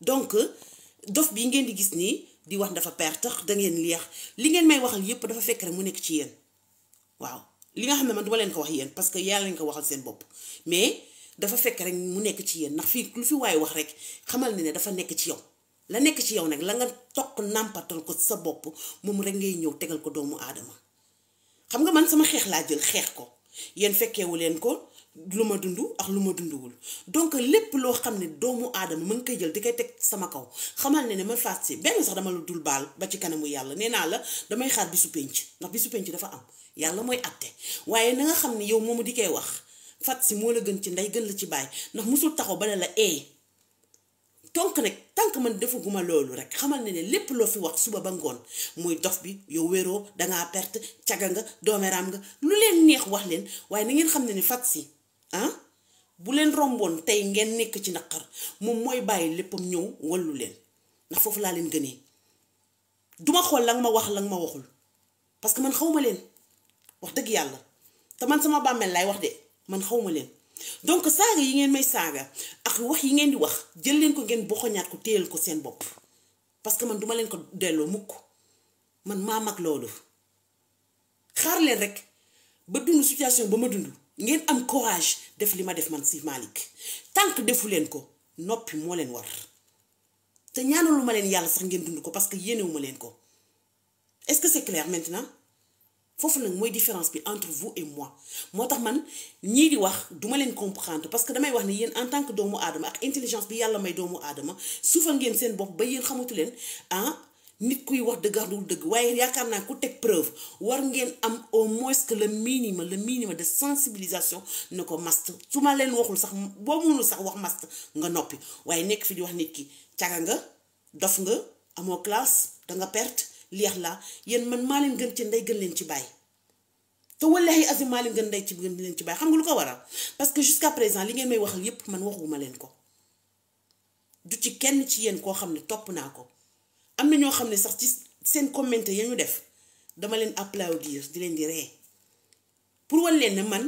donc dof bi ngeen di gis nii di wax dafa perte tax da ngeen leex li ngeen may waxal yépp dafa fekk rek mu nekk ci yéen waaw li nga xam ne man duma leen ko wax yéen parce que yàlla ko waxal seen bopp mais dafa fekk rek mu nekk ci yéen ndax fii lu fi waaye wax rek xamal ne ne dafa nekk ci yow la nekk ci yow nag la nga toq nàmpatal ko sa bopp moom rek ngay ñëw tegal ko doomu aadama xam nga man sama xeex laa jël xeex ko yéen fekkeewu leen ko lu ma dundu ak lu ma dunduwul donc lépp loo xam ne doomu aadama ma koy jël di koy teg sama kaw xamal ne ne man faat si benn sax dama lu dul baal ba ci kanamu yàlla nee naa la damay xaar bisu penc ndax bisu penc dafa am yàlla mooy atte waaye na nga xam ne yow moomu di koy wax faat si moo la gën ci ndey gën la ci baay ndax musul taxaw ba ne la ee eh, donc nag tànk man defaguma loolu rek xamal ne lépp loo fi wax suba ba ngoon muy dof bi yow wéroo dangaa perte caga nga doomeraam nga lu leen neex wax leen waaye na ngeen xam ne ne fat si ah bu leen romboon tey ngeen nekk ci naqar moom mooy bàyyi léppam ñëw wallu leen ndax foofu laa leen gënee duma xool la nga ma wax la nga ma waxul parce que man ma leen wax dëgg yàlla te man sama bàmmeel laay wax de man xaw ma leen donc saaga yi ngeen may saaga ak wax yi ngeen di wax jël leen ko ngeen boxoñaat ko téyal ko seen bopp parce que man duma leen ko delloo mukk man maa mag loolu xaar leen rek ba dund situation ba ma dund ngeen am courage def li ma def man si Malick tant que defu leen ko noppi moo leen war te ñaanalu ma leen yàlla sax ngeen dund ko parce que yéenewu ma leen ko est-ce que c'est clair maintenant foofu nag mooy différence bi entre vous et moi moo tax man ñii di wax duma leen comprendre parce que damay wax ne yéen en tant que doomu aadama ak intelligence bi yàlla may doomu aadama suufal ngeen seen bopp ba yéen xamatu leen ah nit kuy wax dëgg wax dëgg waaye yaakaar naa ku teg preuve war ngeen am au moins que le minimum le minimum de sensibilisation ne ko mast su ma leen waxul sax boo mënul sax wax maste nga noppi waaye nekk fi di wax nit ki caga nga dof nga amoo classe danga perte liax la yéen man maa leen gën ci ndey gën leen ci bàyyi te wallahi azim maa leen gën ndey ci gën leen ci bàyyi xam nga lu ko waral parce que jusqu'à présent li ngeen may waxal yépp man waxuma leen ko du ci kenn ci yéen koo xam ne topp naa ko am na ñoo xam ne sax ci seen commentaire ya ñu def dama leen applaudir di leen di ree pour wan leen ne man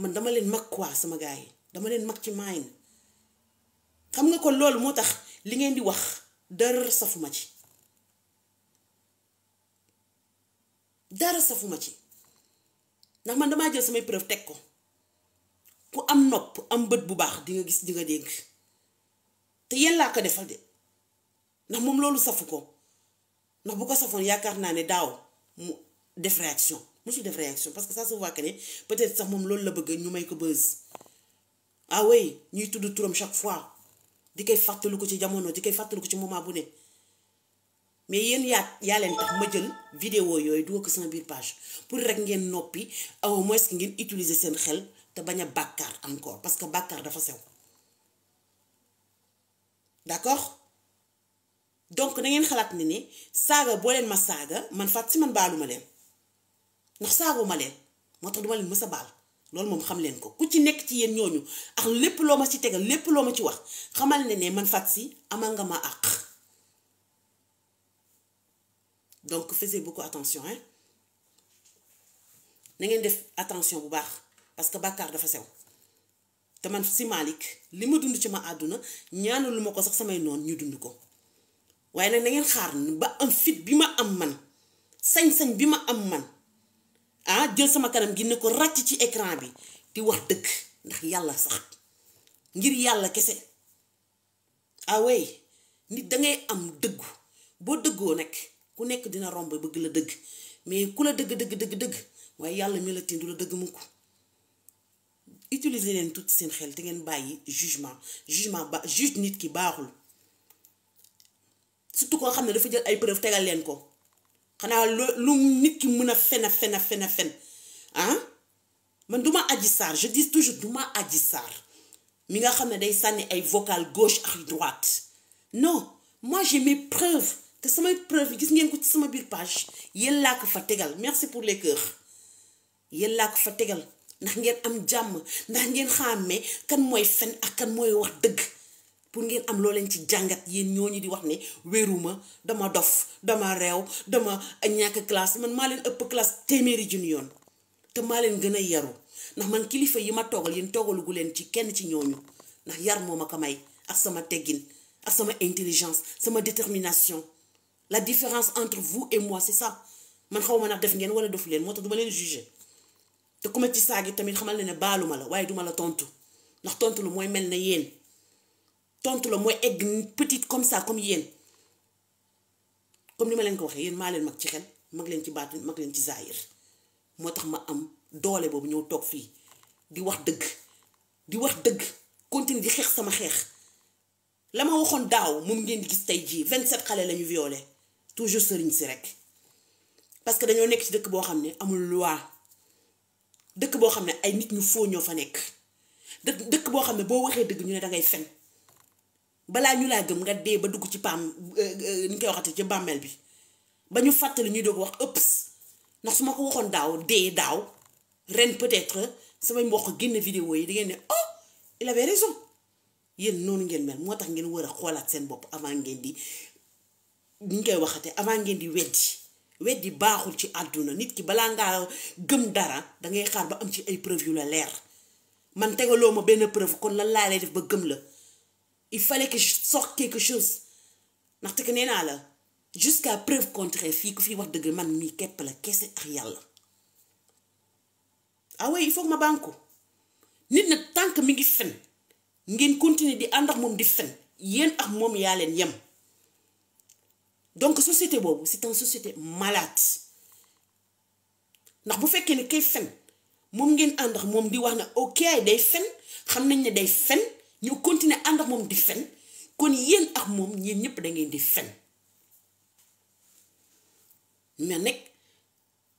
man dama leen mag quoi sama gars yi dama leen mag ci maayin xam nga ko loolu moo tax li ngeen di wax dara safuma ci dara safuma ci ndax man damaa jël samay preuve teg ko ku am nopp am bët bu baax di nga gis di nga dégg te yéen laa ko defal de ndax moom loolu safu ko ndax bu ko safoon yaakaar naa ne daaw mu def réaction musul def réaction parce que ça se voit ne peut-être sax moom loolu la bëgg ñu may ko buzz ah oui ñuy tudd turam chaque fois di koy fàttaliku ci jamono di koy fàttaliku ci moment bu ne mais yéen yaa yaa leen tax ma jël vidéo yooyu du ko sama biir page pour rek ngeen noppi au moins que ngeen utiliser seen xel te bañ a bàkkaar encore parce que bàkkaar dafa sew donc na ngeen xalaat ni ne saaga boo leen ma saaga man fàtt si man baaluma leen ndax saaguma leen moo tax duma leen mës a baal loolu moom xam leen ko ku ci nekk ci yéen ñooñu ak lépp loo ma ci tegal lépp loo ma ci wax xamal ne ne man fàtt si amal nga ma àq donc faisez beaucoup attention hein na ngeen def attention bu baax parce que bàkkaar dafa sew te man si Malick li ma dund ci ma àdduna lu ma ko sax samay noon ñu dund ko waaye nag na ngeen xaar ba am fit bi ma am man sañ-sañ bi ma am man ah jël sama kanam gi ne ko ràcc ci ecran bi di wax dëgg ndax yàlla sax ngir yàlla kese ah nit dangay am dëggu boo dëggoo nag ku nekk dina romb bëgg la dëgg mais ku la dëgg dëgg dëgg waaye yàlla mi la tiin du la dëgg mukk utiliser leen tuuti seen xel te ngeen bàyyi jugement jugement juge nit ki baaxul surtout koo xam ne dafa jël ay preuve tegal leen ko xanaa lu nit ki mun a fen a fen a fen a ah? man duma Adji Sarr je dis toujours duma Adji Sarr mi nga xam ne day sànni ay vocal gauche ak droite non moi j'ai mes preuves te samay preuve gis ngeen ko ci sama biir page yéen laa ko fa tegal merci pour les cœurs yéen laa ko fa tegal ndax ngeen am jàmm ndax ngeen xàmmee kan mooy fen ak kan mooy wax dëgg pour ngeen am loo leen ci jàngat yéen ñooñu di wax ne wéruma dama dof dama reew dama ñàkk classe man maa leen ëpp classe téeméeri junni yoon te maa leen gën a yaru ndax man kilifa yi ma toogal yéen toogalugu leen ci kenn ci ñooñu ndax yar moo ma ko may ak sama teggin ak sama intelligence sama détermination la différence entre vous et mois c'est ça man xaw ma nag def ngeen wala defu leen moo tax du ma leen juger te ku ma ci saagi tamit xamal ne ne baalu la waaye duma la tontu ndax tontu lu mooy mel na yéen. tontu la mooy egg petite comme ça comme yéen comme li ma leen ko waxee yéen maa leen mag ci xel mag leen ci baat mag leen ci zaayir moo tax ma am doole boobu ñëw toog fii di wax dëgg di wax dëgg continue di xeex sama xeex la ma waxoon daaw mu ngeen di gis tey jii vingt 27 xale la ñu violé toujours sëriñ si rek parce que dañoo nekk ci dëkk boo xam ne amul loi dëkk boo xam ne ay nit ñu foo ñoo fa nekk dë dëkk boo xam ne boo waxee dëgg ñu ne da ngay fen balaa ñu laa gëm nga dee ba dugg ci paam euh, euh, ni koy waxati ci bàmmeel bi ba ñu fàttali ñuy doog wax ëps ndax su ma ko waxoon daaw dee daaw ren peut-être samay mbokk génn vidéo yi di ngeen ne oh il avait raison yéen noonu ngeen mel moo tax ngeen war a xoolaat seen bopp avant ngeen di ni ñu koy waxate avant ngeen di weddi weddi baaxul ci àdduna nit ki balaa ngaa gëm dara dangay xaar ba am ci ay preuve yu la leer man tegaloo ma benn preuve kon lan laa def ba gëm la. il fallait que je sorte quelque chose ndaxte que nee naa la jusqu'à preuve contraire fii ku fi wax dëgg man mii képp la kese ak yàlla ah oui il faut ma banko nit nag tant que mi ngi fen ngeen continuer di ànd ak moom di fen yéen ak moom yaa leen yem donc société boobu c'est une société malade ndax bu fekkee ne kay fen moom ngeen ànd ak moom di wax ne ok day fen xam nañ ne day fen ñu continuer ànd ak moom di fen kon yéen ak moom yéen ñëpp da di fen ma nag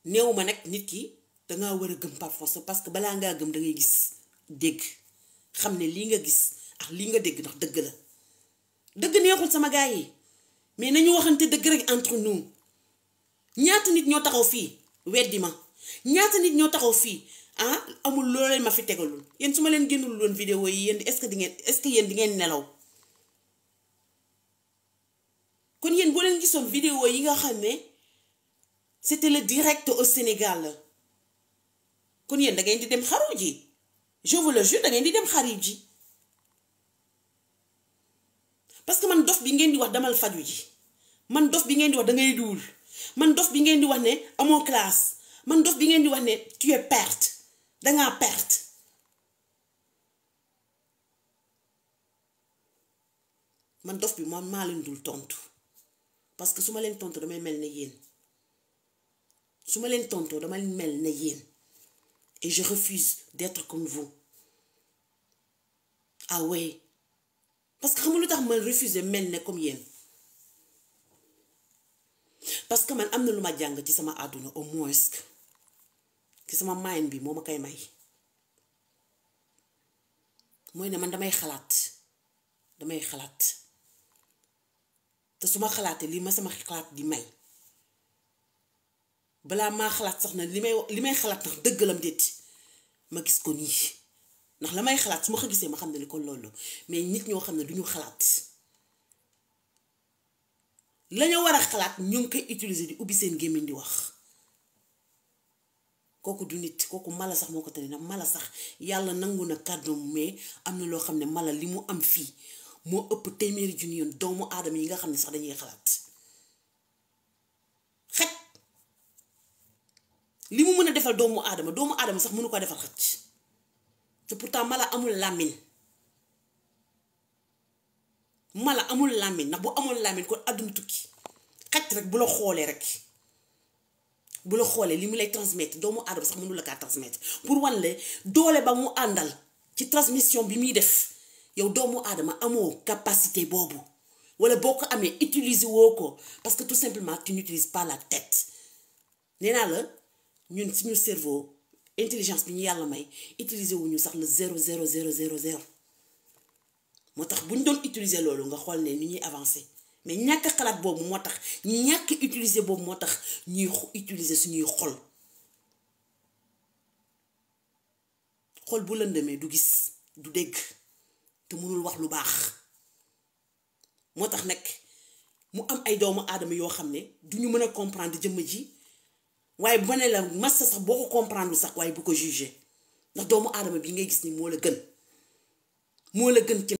néew ma nag nit ki dangaa war a gëm par force parce que balaa ngaa gëm da ngay gis dégg xam ne lii nga gis ak lii nga dégg ndax dëgg la dëgg neexul sama gars yi mais na nañu waxante dëgg rek entre nous ñaata nit ñoo taxaw fii weddi ma ñaata nit ñoo taxaw fii ah amul loolu ma fi tegalul yéen su ma leen génnul loon vidéo yi yéen est-ce que di ngeen est-ce que yéen di ngeen nelaw kon yéen boo leen gisoon vidéo yi nga xam ne c'était le direct au Sénégal la kon yéen da di dem xaru ji je vous le di dem xaru ji parce que man dof bi ngeen di wax damal faju ji man dof bi ngeen di wax da ngay duul man dof bi ngeen di wax ne amoo classe man dof bi ngeen di wax ne tu perte dangaa perte man dof bi man maa dul tontu parce que su ma leen tontu damay mel ne yéen su ma leen tontoo damay mel ne yéen et je refuse d'être comme vous ah parce que xam lu tax man refuser mel ne comme yéen parce que man am na lu ma jàng ci sama àdduna au moins. ci sama mind bi moo ma koy may mooy ne man damay xalaat damay xalaat te su ma xalaatee lii ma sama xalaat di may balaa maa xalaat sax na li may li may xalaat ndax dëggalam déet ma gis ko nii ndax la may xalaat su ma ko gisee ma xam ne ni ko loolu mais nit ñoo xam ne duñu xalaat la war a xalaat ñu ngi koy utiliser di ubbi seen gémmiñ di wax kooku du nit kooku mala sax moo ko tane nag mala sax yàlla nangu na kàddoom mais am na loo xam ne mala li mu am fii moo ëpp téeméeri junni yoon doomu aadama yi nga xam ne sax dañuy xalaat xaj li mu mën a defal doomu aadama doomu aadama sax mënu koo defal xaj te pourtant mala amul làmmin mala amul làmmiñ ndax bu amul làmmin kon àdduna tukki xaj rek bu la xoolee rek bu la xoolee li mu lay transmettre doomu aadama sax mënu la kaa transmettre pour wan la doole ba mu àndal ci transmission bi muy def yow doomu aadama amoo capacité boobu wala boo ko amee utiliser woo ko parce que tout simplement tu n'utilises pas la tête nee naa la ñun suñu cerveau intelligence bi ñu yàlla may wu ñu sax le zéro zéro zéro zéro zéro moo tax bu ñu doon utiliser loolu nga xool ne ni ñuy avancer. mais ñàkk xalaat boobu moo tax ñàkk utiliser boobu moo tax ñuy utiliser suñuy xol xol bu lëndëmee du gis du dégg te mënul wax lu baax moo tax nag mu am ay doomu aadama yoo xam ne duñu mën a comprendre jëmm ji waaye bu ma ne la massa sax boo ko comprendre sax waaye bu ko jugé ndax doomu aadama bi ngay gis ni moo la gën moo la gën ci